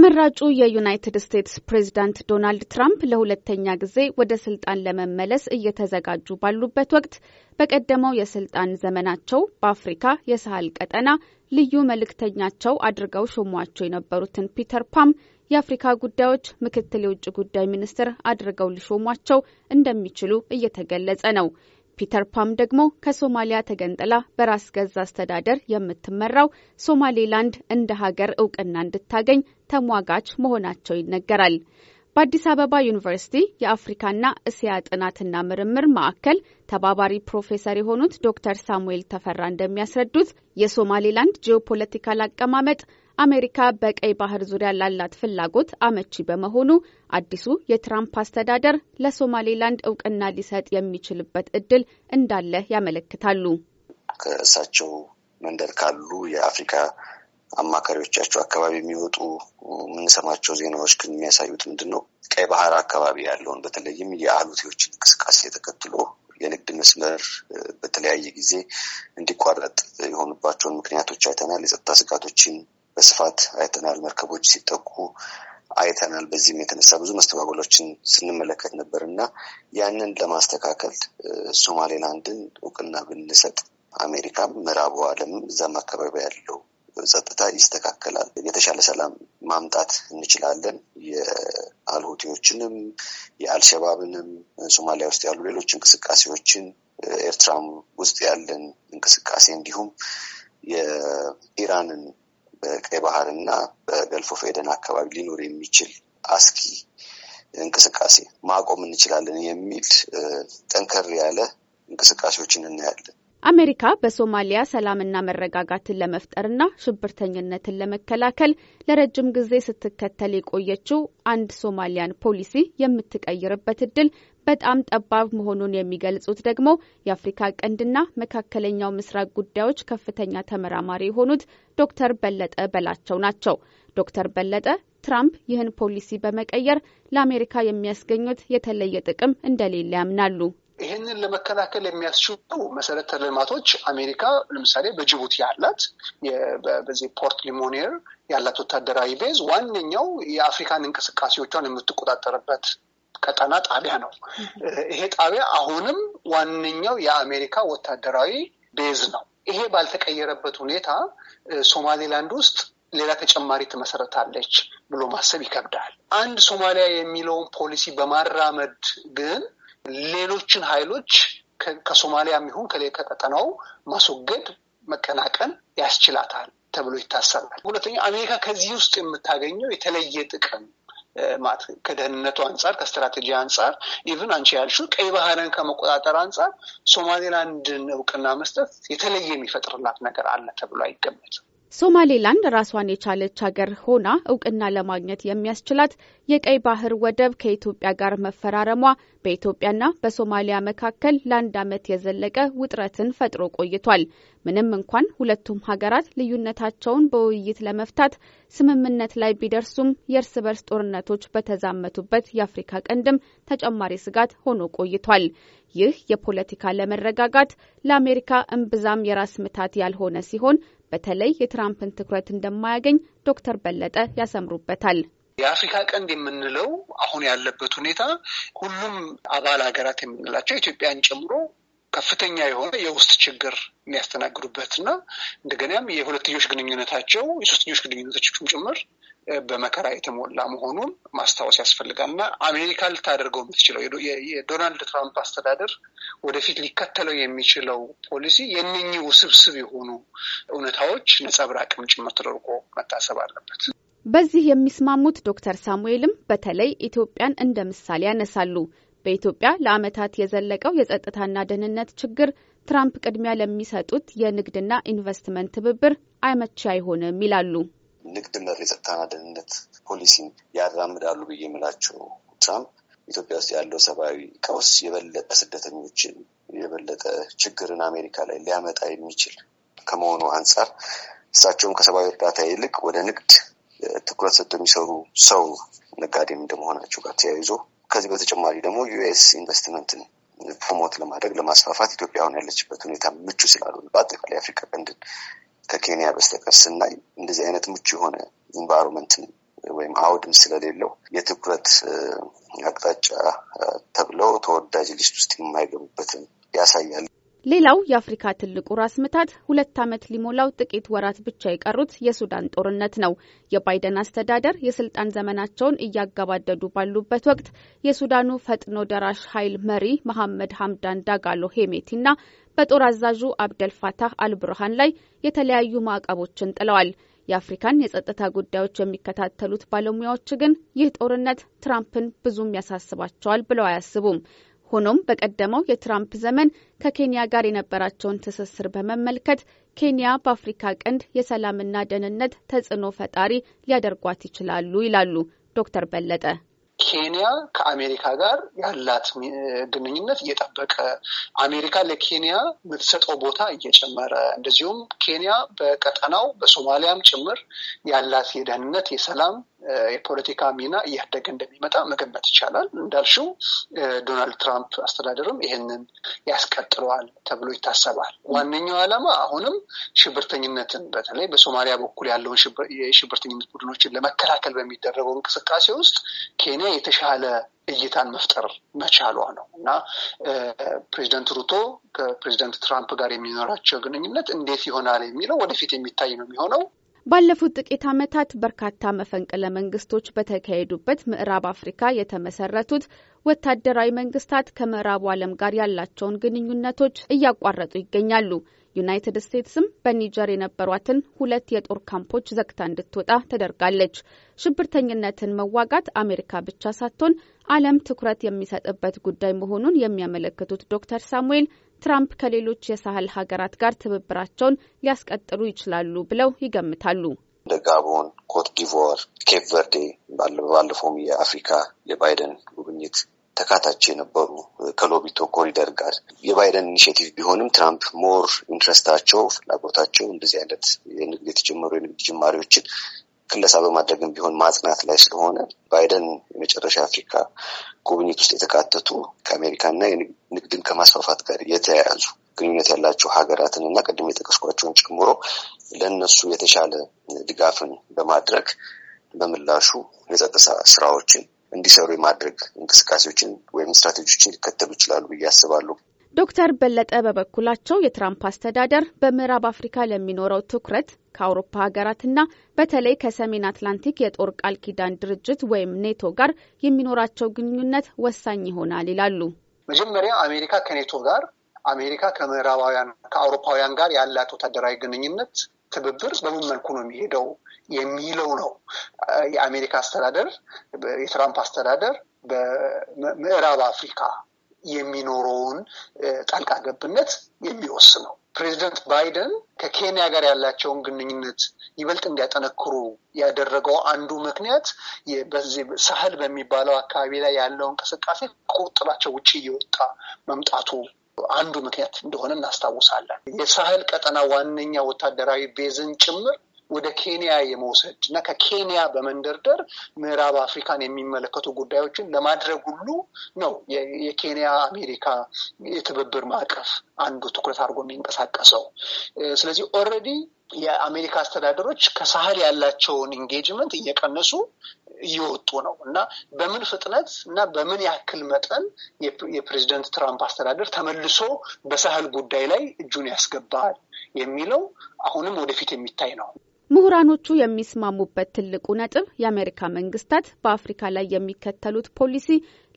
ተመራጩ የዩናይትድ ስቴትስ ፕሬዝዳንት ዶናልድ ትራምፕ ለሁለተኛ ጊዜ ወደ ስልጣን ለመመለስ እየተዘጋጁ ባሉበት ወቅት በቀደመው የስልጣን ዘመናቸው በአፍሪካ የሳህል ቀጠና ልዩ መልእክተኛቸው አድርገው ሾሟቸው የነበሩትን ፒተር ፓም የአፍሪካ ጉዳዮች ምክትል የውጭ ጉዳይ ሚኒስትር አድርገው ሊሾሟቸው እንደሚችሉ እየተገለጸ ነው። ፒተር ፓም ደግሞ ከሶማሊያ ተገንጥላ በራስ ገዝ አስተዳደር የምትመራው ሶማሌላንድ እንደ ሀገር እውቅና እንድታገኝ ተሟጋች መሆናቸው ይነገራል። በአዲስ አበባ ዩኒቨርሲቲ የአፍሪካና እስያ ጥናትና ምርምር ማዕከል ተባባሪ ፕሮፌሰር የሆኑት ዶክተር ሳሙኤል ተፈራ እንደሚያስረዱት የሶማሌላንድ ጂኦፖለቲካል አቀማመጥ አሜሪካ በቀይ ባህር ዙሪያ ላላት ፍላጎት አመቺ በመሆኑ አዲሱ የትራምፕ አስተዳደር ለሶማሌላንድ እውቅና ሊሰጥ የሚችልበት እድል እንዳለ ያመለክታሉ። ከእሳቸው መንደር ካሉ የአፍሪካ አማካሪዎቻቸው አካባቢ የሚወጡ የምንሰማቸው ዜናዎች ግን የሚያሳዩት ምንድን ነው? ቀይ ባህር አካባቢ ያለውን በተለይም የአሉቴዎች እንቅስቃሴ ተከትሎ የንግድ መስመር በተለያየ ጊዜ እንዲቋረጥ የሆኑባቸውን ምክንያቶች አይተናል። የጸጥታ ስጋቶችን በስፋት አይተናል። መርከቦች ሲጠቁ አይተናል። በዚህም የተነሳ ብዙ መስተጓጎሎችን ስንመለከት ነበር እና ያንን ለማስተካከል ሶማሌላንድን እውቅና ብንሰጥ አሜሪካም ምዕራቡ ዓለም እዛም አካባቢ ያለው ጸጥታ ይስተካከላል። የተሻለ ሰላም ማምጣት እንችላለን። የአልሁቲዎችንም የአልሸባብንም ሶማሊያ ውስጥ ያሉ ሌሎች እንቅስቃሴዎችን ኤርትራም ውስጥ ያለን እንቅስቃሴ እንዲሁም የኢራንን በቀይ ባህር እና በገልፎ ፌደን አካባቢ ሊኖር የሚችል አስኪ እንቅስቃሴ ማቆም እንችላለን የሚል ጠንከር ያለ እንቅስቃሴዎችን እናያለን። አሜሪካ በሶማሊያ ሰላምና መረጋጋትን ለመፍጠርና ሽብርተኝነትን ለመከላከል ለረጅም ጊዜ ስትከተል የቆየችው አንድ ሶማሊያን ፖሊሲ የምትቀይርበት እድል በጣም ጠባብ መሆኑን የሚገልጹት ደግሞ የአፍሪካ ቀንድና መካከለኛው ምስራቅ ጉዳዮች ከፍተኛ ተመራማሪ የሆኑት ዶክተር በለጠ በላቸው ናቸው። ዶክተር በለጠ ትራምፕ ይህን ፖሊሲ በመቀየር ለአሜሪካ የሚያስገኙት የተለየ ጥቅም እንደሌለ ያምናሉ። ይህንን ለመከላከል የሚያስችሉ መሰረተ ልማቶች አሜሪካ ለምሳሌ በጅቡቲ ያላት በዚህ ፖርት ሊሞኔር ያላት ወታደራዊ ቤዝ ዋነኛው የአፍሪካን እንቅስቃሴዎቿን የምትቆጣጠርበት ቀጠና ጣቢያ ነው። ይሄ ጣቢያ አሁንም ዋነኛው የአሜሪካ ወታደራዊ ቤዝ ነው። ይሄ ባልተቀየረበት ሁኔታ ሶማሌላንድ ውስጥ ሌላ ተጨማሪ ትመሰረታለች ብሎ ማሰብ ይከብዳል። አንድ ሶማሊያ የሚለውን ፖሊሲ በማራመድ ግን ሌሎችን ኃይሎች ከሶማሊያም ከሌ ከቀጠናው ማስወገድ መቀናቀን ያስችላታል ተብሎ ይታሰባል። ሁለተኛ አሜሪካ ከዚህ ውስጥ የምታገኘው የተለየ ጥቅም ከደህንነቱ አንጻር ከስትራቴጂ አንጻር ኢቭን አንቺ ያልሽው ቀይ ባህርን ከመቆጣጠር አንጻር ሶማሌላንድን እውቅና መስጠት የተለየ የሚፈጥርላት ነገር አለ ተብሎ አይገመትም። ሶማሌላንድ ራሷን የቻለች ሀገር ሆና እውቅና ለማግኘት የሚያስችላት የቀይ ባህር ወደብ ከኢትዮጵያ ጋር መፈራረሟ በኢትዮጵያና በሶማሊያ መካከል ለአንድ ዓመት የዘለቀ ውጥረትን ፈጥሮ ቆይቷል። ምንም እንኳን ሁለቱም ሀገራት ልዩነታቸውን በውይይት ለመፍታት ስምምነት ላይ ቢደርሱም የእርስ በርስ ጦርነቶች በተዛመቱበት የአፍሪካ ቀንድም ተጨማሪ ስጋት ሆኖ ቆይቷል። ይህ የፖለቲካ ለመረጋጋት ለአሜሪካ እምብዛም የራስ ምታት ያልሆነ ሲሆን በተለይ የትራምፕን ትኩረት እንደማያገኝ ዶክተር በለጠ ያሰምሩበታል። የአፍሪካ ቀንድ የምንለው አሁን ያለበት ሁኔታ ሁሉም አባል ሀገራት የምንላቸው ኢትዮጵያን ጨምሮ ከፍተኛ የሆነ የውስጥ ችግር የሚያስተናግዱበት እና እንደገናም የሁለትዮሽ ግንኙነታቸው የሶስትዮሽ ግንኙነቶችም ጭምር በመከራ የተሞላ መሆኑን ማስታወስ ያስፈልጋል እና አሜሪካ ልታደርገው የምትችለው የዶናልድ ትራምፕ አስተዳደር ወደፊት ሊከተለው የሚችለው ፖሊሲ የእነኚህ ውስብስብ የሆኑ እውነታዎች ነጸብራቅም ጭምር ተደርጎ መታሰብ አለበት። በዚህ የሚስማሙት ዶክተር ሳሙኤልም በተለይ ኢትዮጵያን እንደ ምሳሌ ያነሳሉ። በኢትዮጵያ ለዓመታት የዘለቀው የጸጥታና ደህንነት ችግር ትራምፕ ቅድሚያ ለሚሰጡት የንግድና ኢንቨስትመንት ትብብር አመቺ አይሆንም ይላሉ። ንግድና የጸጥታና ደህንነት ፖሊሲን ያራምዳሉ ብዬ የምላቸው ትራምፕ ኢትዮጵያ ውስጥ ያለው ሰብአዊ ቀውስ የበለጠ ስደተኞችን የበለጠ ችግርን አሜሪካ ላይ ሊያመጣ የሚችል ከመሆኑ አንጻር እሳቸውም ከሰብአዊ እርዳታ ይልቅ ወደ ንግድ ትኩረት ሰጥቶ የሚሰሩ ሰው ነጋዴም እንደመሆናቸው ጋር ተያይዞ ከዚህ በተጨማሪ ደግሞ ዩኤስ ኢንቨስትመንትን ፕሮሞት ለማድረግ ለማስፋፋት ኢትዮጵያ አሁን ያለችበት ሁኔታ ምቹ ስላሉ በአጠቃላይ አፍሪካ ቀንድን ከኬንያ በስተቀር ስናይ እንደዚህ አይነት ምቹ የሆነ ኢንቫይሮንመንትን ወይም አውድም ስለሌለው የትኩረት አቅጣጫ ተብለው ተወዳጅ ሊስት ውስጥ የማይገቡበትን ያሳያል። ሌላው የአፍሪካ ትልቁ ራስ ምታት ሁለት ዓመት ሊሞላው ጥቂት ወራት ብቻ የቀሩት የሱዳን ጦርነት ነው። የባይደን አስተዳደር የስልጣን ዘመናቸውን እያገባደዱ ባሉበት ወቅት የሱዳኑ ፈጥኖ ደራሽ ኃይል መሪ መሐመድ ሀምዳን ዳጋሎ ሄሜቲና በጦር አዛዡ አብደል ፋታህ አልብርሃን ላይ የተለያዩ ማዕቀቦችን ጥለዋል። የአፍሪካን የጸጥታ ጉዳዮች የሚከታተሉት ባለሙያዎች ግን ይህ ጦርነት ትራምፕን ብዙም ያሳስባቸዋል ብለው አያስቡም። ሆኖም በቀደመው የትራምፕ ዘመን ከኬንያ ጋር የነበራቸውን ትስስር በመመልከት ኬንያ በአፍሪካ ቀንድ የሰላምና ደህንነት ተጽዕኖ ፈጣሪ ሊያደርጓት ይችላሉ ይላሉ ዶክተር በለጠ። ኬንያ ከአሜሪካ ጋር ያላት ግንኙነት እየጠበቀ አሜሪካ ለኬንያ የምትሰጠው ቦታ እየጨመረ እንደዚሁም ኬንያ በቀጠናው በሶማሊያም ጭምር ያላት የደህንነት የሰላም የፖለቲካ ሚና እያደገ እንደሚመጣ መገመት ይቻላል። እንዳልሽው ዶናልድ ትራምፕ አስተዳደርም ይህንን ያስቀጥለዋል ተብሎ ይታሰባል። ዋነኛው ዓላማ አሁንም ሽብርተኝነትን በተለይ በሶማሊያ በኩል ያለውን የሽብርተኝነት ቡድኖችን ለመከላከል በሚደረገው እንቅስቃሴ ውስጥ ኬንያ የተሻለ እይታን መፍጠር መቻሏ ነው እና ፕሬዚደንት ሩቶ ከፕሬዚደንት ትራምፕ ጋር የሚኖራቸው ግንኙነት እንዴት ይሆናል የሚለው ወደፊት የሚታይ ነው የሚሆነው። ባለፉት ጥቂት ዓመታት በርካታ መፈንቅለ መንግስቶች በተካሄዱበት ምዕራብ አፍሪካ የተመሰረቱት ወታደራዊ መንግስታት ከምዕራቡ ዓለም ጋር ያላቸውን ግንኙነቶች እያቋረጡ ይገኛሉ። ዩናይትድ ስቴትስም በኒጀር የነበሯትን ሁለት የጦር ካምፖች ዘግታ እንድትወጣ ተደርጋለች። ሽብርተኝነትን መዋጋት አሜሪካ ብቻ ሳትሆን ዓለም ትኩረት የሚሰጥበት ጉዳይ መሆኑን የሚያመለክቱት ዶክተር ሳሙኤል ትራምፕ ከሌሎች የሳህል ሀገራት ጋር ትብብራቸውን ሊያስቀጥሉ ይችላሉ ብለው ይገምታሉ። እንደ ጋቦን፣ ኮት ዲቮር፣ ኬፕ ቨርዴ ባለፈውም የአፍሪካ የባይደን ጉብኝት ተካታች የነበሩ ከሎቢቶ ኮሪደር ጋር የባይደን ኢኒሽቲቭ ቢሆንም ትራምፕ ሞር ኢንትረስታቸው ፍላጎታቸው እንደዚህ አይነት የንግድ የተጀመሩ የንግድ ጅማሬዎችን ክለሳ በማድረግም ቢሆን ማጽናት ላይ ስለሆነ ባይደን የመጨረሻ አፍሪካ ጉብኝት ውስጥ የተካተቱ ከአሜሪካና ንግድን ከማስፋፋት ጋር የተያያዙ ግንኙነት ያላቸው ሀገራትን እና ቅድም የጠቀስኳቸውን ጨምሮ ለእነሱ የተሻለ ድጋፍን በማድረግ በምላሹ የጸጥታ ስራዎችን እንዲሰሩ የማድረግ እንቅስቃሴዎችን ወይም ስትራቴጂዎችን ሊከተሉ ይችላሉ ብዬ አስባለሁ። ዶክተር በለጠ በበኩላቸው የትራምፕ አስተዳደር በምዕራብ አፍሪካ ለሚኖረው ትኩረት ከአውሮፓ ሀገራትና በተለይ ከሰሜን አትላንቲክ የጦር ቃል ኪዳን ድርጅት ወይም ኔቶ ጋር የሚኖራቸው ግንኙነት ወሳኝ ይሆናል ይላሉ። መጀመሪያ አሜሪካ ከኔቶ ጋር አሜሪካ ከምዕራባውያን ከአውሮፓውያን ጋር ያላት ወታደራዊ ግንኙነት ትብብር በምን መልኩ ነው የሚሄደው የሚለው ነው። የአሜሪካ አስተዳደር የትራምፕ አስተዳደር በምዕራብ አፍሪካ የሚኖረውን ጣልቃ ገብነት የሚወስነው። ፕሬዚደንት ባይደን ከኬንያ ጋር ያላቸውን ግንኙነት ይበልጥ እንዲያጠነክሩ ያደረገው አንዱ ምክንያት በዚህ ሳህል በሚባለው አካባቢ ላይ ያለው እንቅስቃሴ ከቁጥጥራቸው ውጭ እየወጣ መምጣቱ አንዱ ምክንያት እንደሆነ እናስታውሳለን። የሳህል ቀጠና ዋነኛ ወታደራዊ ቤዝን ጭምር ወደ ኬንያ የመውሰድ እና ከኬንያ በመንደርደር ምዕራብ አፍሪካን የሚመለከቱ ጉዳዮችን ለማድረግ ሁሉ ነው የኬንያ አሜሪካ የትብብር ማዕቀፍ አንዱ ትኩረት አድርጎ የሚንቀሳቀሰው። ስለዚህ ኦልሬዲ የአሜሪካ አስተዳደሮች ከሳህል ያላቸውን ኢንጌጅመንት እየቀነሱ እየወጡ ነው እና በምን ፍጥነት እና በምን ያክል መጠን የፕሬዚደንት ትራምፕ አስተዳደር ተመልሶ በሳህል ጉዳይ ላይ እጁን ያስገባል የሚለው አሁንም ወደፊት የሚታይ ነው። ምሁራኖቹ የሚስማሙበት ትልቁ ነጥብ የአሜሪካ መንግስታት በአፍሪካ ላይ የሚከተሉት ፖሊሲ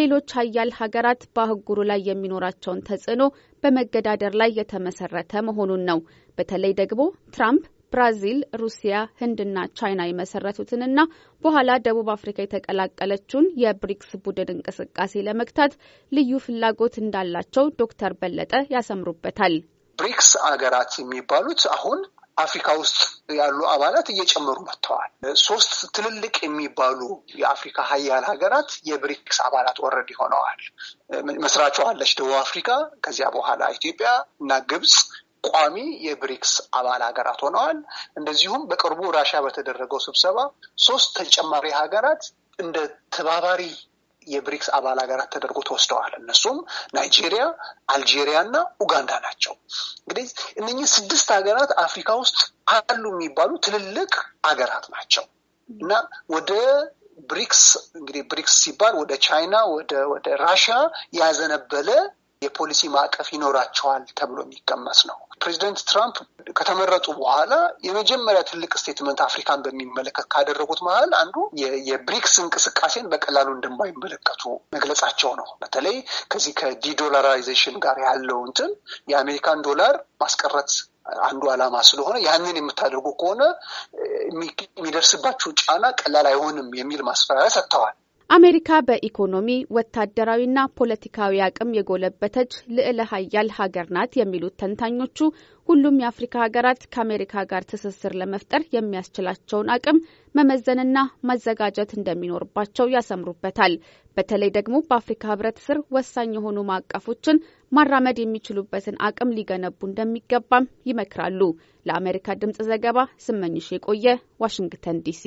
ሌሎች ሀያል ሀገራት በአህጉሩ ላይ የሚኖራቸውን ተጽዕኖ በመገዳደር ላይ የተመሰረተ መሆኑን ነው። በተለይ ደግሞ ትራምፕ ብራዚል፣ ሩሲያ፣ ህንድና ቻይና የመሰረቱትንና በኋላ ደቡብ አፍሪካ የተቀላቀለችውን የብሪክስ ቡድን እንቅስቃሴ ለመግታት ልዩ ፍላጎት እንዳላቸው ዶክተር በለጠ ያሰምሩበታል። ብሪክስ አገራት የሚባሉት አሁን አፍሪካ ውስጥ ያሉ አባላት እየጨመሩ መጥተዋል። ሶስት ትልልቅ የሚባሉ የአፍሪካ ሀያል ሀገራት የብሪክስ አባላት ወረድ ሆነዋል። አለች ደቡብ አፍሪካ፣ ከዚያ በኋላ ኢትዮጵያ እና ግብፅ ቋሚ የብሪክስ አባል ሀገራት ሆነዋል። እንደዚሁም በቅርቡ ራሻ በተደረገው ስብሰባ ሶስት ተጨማሪ ሀገራት እንደ ተባባሪ የብሪክስ አባል ሀገራት ተደርጎ ተወስደዋል። እነሱም ናይጄሪያ፣ አልጄሪያ እና ኡጋንዳ ናቸው። እንግዲህ እነኚህ ስድስት ሀገራት አፍሪካ ውስጥ አሉ የሚባሉ ትልልቅ ሀገራት ናቸው እና ወደ ብሪክስ እንግዲህ ብሪክስ ሲባል ወደ ቻይና ወደ ወደ ራሽያ ያዘነበለ የፖሊሲ ማዕቀፍ ይኖራቸዋል ተብሎ የሚቀመስ ነው። ፕሬዚደንት ትራምፕ ከተመረጡ በኋላ የመጀመሪያ ትልቅ ስቴትመንት አፍሪካን በሚመለከት ካደረጉት መሀል አንዱ የብሪክስ እንቅስቃሴን በቀላሉ እንደማይመለከቱ መግለጻቸው ነው። በተለይ ከዚህ ከዲዶላራይዜሽን ጋር ያለው እንትን የአሜሪካን ዶላር ማስቀረት አንዱ ዓላማ ስለሆነ ያንን የምታደርጉ ከሆነ የሚደርስባችሁ ጫና ቀላል አይሆንም የሚል ማስፈራሪያ ሰጥተዋል። አሜሪካ በኢኮኖሚ ወታደራዊና ፖለቲካዊ አቅም የጎለበተች ልዕለ ሀያል ሀገር ናት የሚሉት ተንታኞቹ ሁሉም የአፍሪካ ሀገራት ከአሜሪካ ጋር ትስስር ለመፍጠር የሚያስችላቸውን አቅም መመዘንና ማዘጋጀት እንደሚኖርባቸው ያሰምሩበታል። በተለይ ደግሞ በአፍሪካ ሕብረት ስር ወሳኝ የሆኑ ማዕቀፎችን ማራመድ የሚችሉበትን አቅም ሊገነቡ እንደሚገባም ይመክራሉ። ለአሜሪካ ድምጽ ዘገባ ስመኝሽ የቆየ ዋሽንግተን ዲሲ